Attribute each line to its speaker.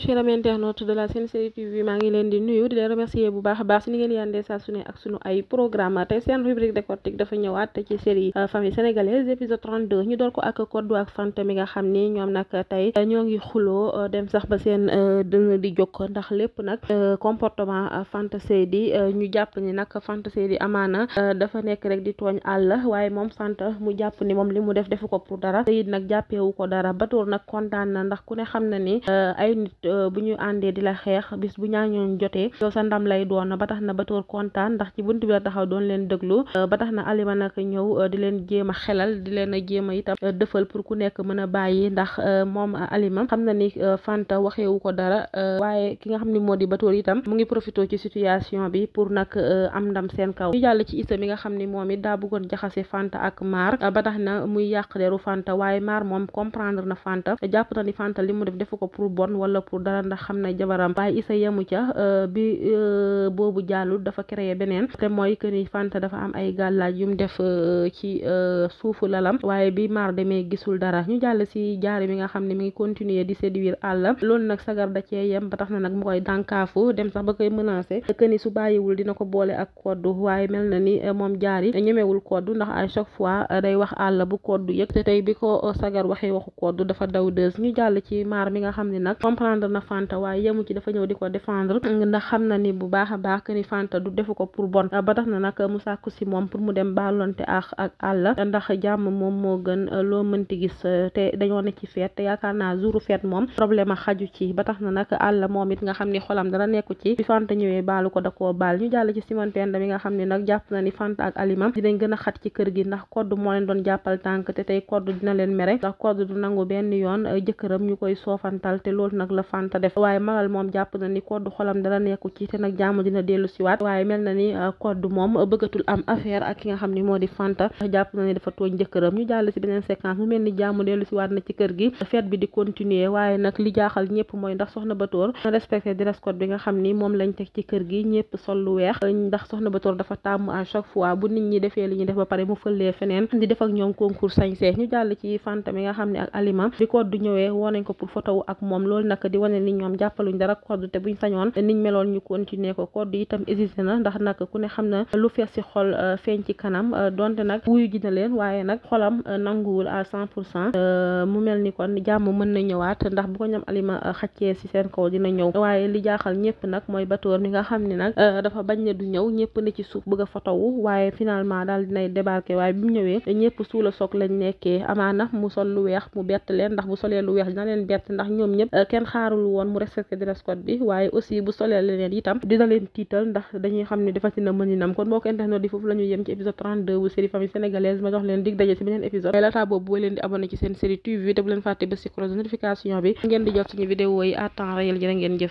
Speaker 1: chers amis internautes de la leen di nuyu di leen remercier bu baax a baax si ni ngeen yàndee saa su ne ak sunu ay programme tey seen rubrique décortique dafa ñëwaat ci série euh, famille ko ak Kodou ak Fanta mi nga xam ni ñoom nag tey euh, ñoo ngi xuloo euh, dem sax ba seen dënn di jokk ndax lépp nag comportement Fanta Seydi ñu jàpp ni nag Fanta Seydi amaana dafa nekk rek di tooñ àll waaye moom Fanta mu jàpp ni moom li mu def defu ko pour dara Seydi nag jàppewu ko dara ba toor nag kontaan na ndax ku ne xam na ni ay nit Euh, bu ñu àndee di la xeex bis bu ñaañoon jotee yow sa ndam lay doon ba tax na Batoor kontaan ndax ci buntu bi la taxaw doon leen déglu euh, ba tax na Alima nag ñëw euh, di leen jéem a xelal di leen a jéem a itam dëfal pour ku nekk mën a bàyyi ndax moom Alima xam na ni Fanta waxewu ko dara waaye ki nga xam ni moo di Batoor itam mu ngi profité ci situation bi pour nag am ndam seen kaw ñu jàll ci Issa mi nga xam ni moom it daa bëggoon jaxasee Fanta ak Mar ba tax na muy yàq deru Fanta waaye Mar moom comprendre na Fanta pour dara ndax xam na jabaram waaye isa yemu ca euh, bi euh, boobu jàllul dafa créé beneen te mooy que ni Fanta dafa am ay gàllaaj yum def euh, ci suufu lalam waaye bi maar demee gisul dara ñu jàll si jaare bi nga xam ne mi ngi continuer di séduire àll loolu nag sagar da cee yem ba tax na nag mu koy dem sax ba koy menacé que ni su bàyyiwul dina ko boole ak koddu waaye mel na ni moom jaari ñemewul koddu ndax à chaque fois day wax àll bu koddu yëg te tey bi ko sagar waxee waxu koddu dafa daw dës ñu jàll ci maar mi nga xam ne nag comprendre défendre na Fanta waaye yemu ci dafa ñëw di ko défendre ndax xam na ni bu baax a baax que ni Fanta du defu ko pour bon ba na nag mu sàkku si moom pour mu dem baalonte ak ak ndax jàmm moom moo gën loo mënti gis te dañoo ci feet te yaakaar naa jouru feet moom problème a xaju ci ba na nag àll moom it nga xam ni xolam dara nekku ci bi Fanta ñëwee baalu ko da koo baal ñu jàll ci Simon Penda mi nga xam ne nag jàpp na ni Fanta ak alimam dinañ gën a xat ci kër gi ndax kodd moo leen doon jàppal tànk te tey kodd dina leen mere ndax kodd du nangu fanta def waaye malal moom jàpp na ni koddu xolam dara nekku ci te nag jàmm dina dellu siwaat waaye mel ni euh, koddu moom bëggatul am affaire ak ki nga xam ni bi di continuer waaye nag li jaaxal ñëpp mooy ndax soxna Batoor respecté dress code bi nga xam ni moom lañ teg ci kër gi ñëpp sol weex ndax soxna Batoor dafa tàmm à chaque fois bu nit ñi defee li def ba pare mu fëllee feneen di def ñoom concours sañse ñu jàll ci fanta mi nga xam ne ak aliment bi koddu ñëwee woo ko pour photo ak moom loolu nag di wane ni ñoom jàppaluñ dara code te buñ sañoon niñ meloon ñu continuer ko code itam hésité na ndax nag ku ne xam na lu fees ci xol euh, feeñ ci kanam euh, donte nag wuyu ji na leen waaye nag xolam euh, nanguwul à cent pour cent mu mel ni kon jàmm mën na ñëwaat ndax bu ko ñam alima xaccee ci seen kaw dina ñëw waaye li jaaxal ñëpp nag mooy batoor mi nga xam ni nag dafa bañ ne du ñëw ñëpp ne ci suuf bëgg a fotowu waaye finalement daal nay débarqué waaye bu mu ñëwee ñëpp suula soog lañ nekkee amaana mu sol lu weex mu bett leen ndax bu solee lu weex dina leen jaarul woon mu respecté dress code bi waaye aussi bu solee leneen itam dina leen tiital ndax dañuy xam ne defati na mëninam kon mbokk internet yi foofu la yem ci épisode 32 bu série famille sénégalaise ma jox leen dig daje si beneen épisode mais laata boobu leen di abonné ci seen série TV te bu leen fàtte ba si bi ngeen di jot suñu vidéo yi à temps réel jërë ngeen jëf